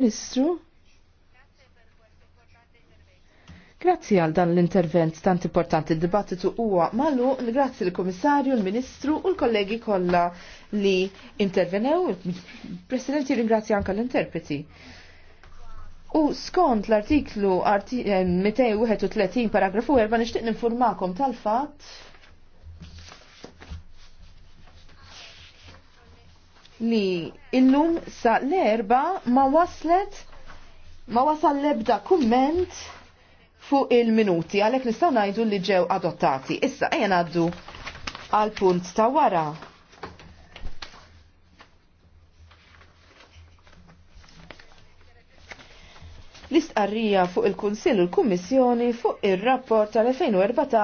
Ministru? Grazzi għal dan l-intervent tant importanti d-dibattitu huwa malu, grazzi l-Komissarju, l-Ministru u l-kollegi kollha li intervenew, il-Presidenti ringrazzi anka l-interpreti. U skont l-artiklu 231 eh, paragrafu 4 nixtieq ninformakom tal-fatt li illum sa l-erba ma waslet ma wasal lebda kumment fuq il-minuti għalek nistaw najdu li ġew adottati. Issa għajan għaddu għal punt ta' wara. L-istqarrija fuq il-Kunsill u l-Kummissjoni fuq ir rapport tal-2014